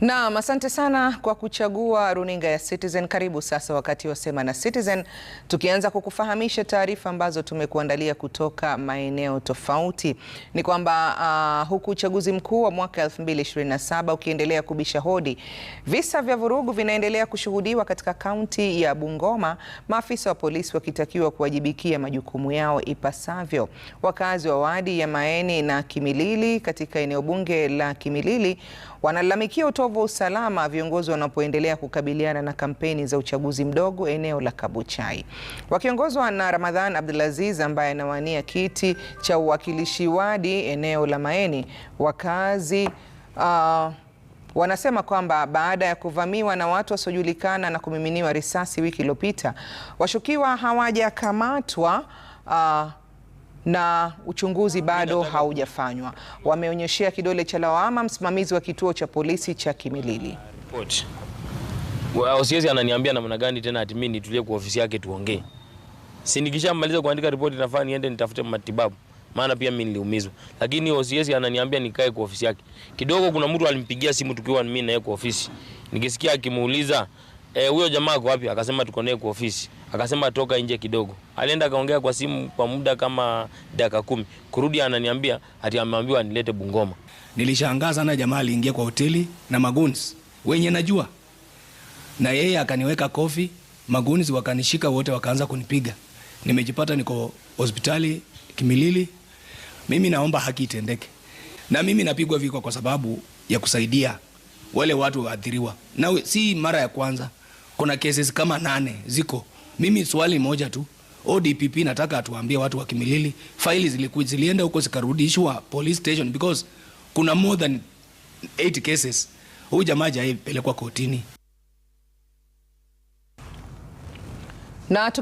Naam, asante sana kwa kuchagua runinga ya Citizen. Karibu sasa wakati wa Sema na Citizen, tukianza kukufahamisha taarifa ambazo tumekuandalia kutoka maeneo tofauti. Ni kwamba uh, huku uchaguzi mkuu wa mwaka 2027 ukiendelea kubisha hodi, visa vya vurugu vinaendelea kushuhudiwa katika kaunti ya Bungoma, maafisa wa polisi wakitakiwa kuwajibikia majukumu yao ipasavyo. Wakazi wa wadi ya Maeni na Kimilili katika eneo bunge la Kimilili wanalalamikia utovu wa usalama viongozi wanapoendelea kukabiliana na kampeni za uchaguzi mdogo eneo la Kabuchai. Wakiongozwa na Ramadhan Abdulaziz ambaye anawania kiti cha uwakilishi wadi eneo la Maeni, wakazi uh, wanasema kwamba baada ya kuvamiwa na watu wasiojulikana na kumiminiwa risasi wiki iliyopita, washukiwa hawajakamatwa uh, na uchunguzi bado haujafanywa. Wameonyeshea kidole cha lawama msimamizi wa kituo cha polisi cha Kimilili. Siwezi ananiambia namna gani tena ati mimi nitulie kwa ofisi yake tuongee. Si nikishamaliza kuandika ripoti nafaa niende nitafute matibabu maana pia mimi niliumizwa, lakini OCS oh, ananiambia nikae kwa ofisi yake. Kidogo kuna mtu alimpigia simu tukiwa mimi na yeye kwa ofisi, nikisikia akimuuliza eh, huyo e, jamaa ako wapi? Akasema tuko naye kwa ofisi akasema toka nje kidogo. Alienda akaongea kwa simu kwa muda kama dakika kumi, kurudi ananiambia ati ameambiwa nilete Bungoma. Nilishangaa sana, jamaa aliingia kwa hoteli na maguns wenye najua, na yeye akaniweka kofi, maguns wakanishika wote, wakaanza kunipiga. Nimejipata niko hospitali Kimilili. Mimi naomba haki itendeke, na mimi napigwa viko kwa sababu ya kusaidia wale watu waathiriwa, na si mara ya kwanza. Kuna cases kama nane ziko mimi swali moja tu, ODPP nataka atuambie watu wa Kimilili faili ziliku, zilienda huko zikarudishwa police station because kuna more than 8 cases. Huyu jamaa hajaipelekwa kotini na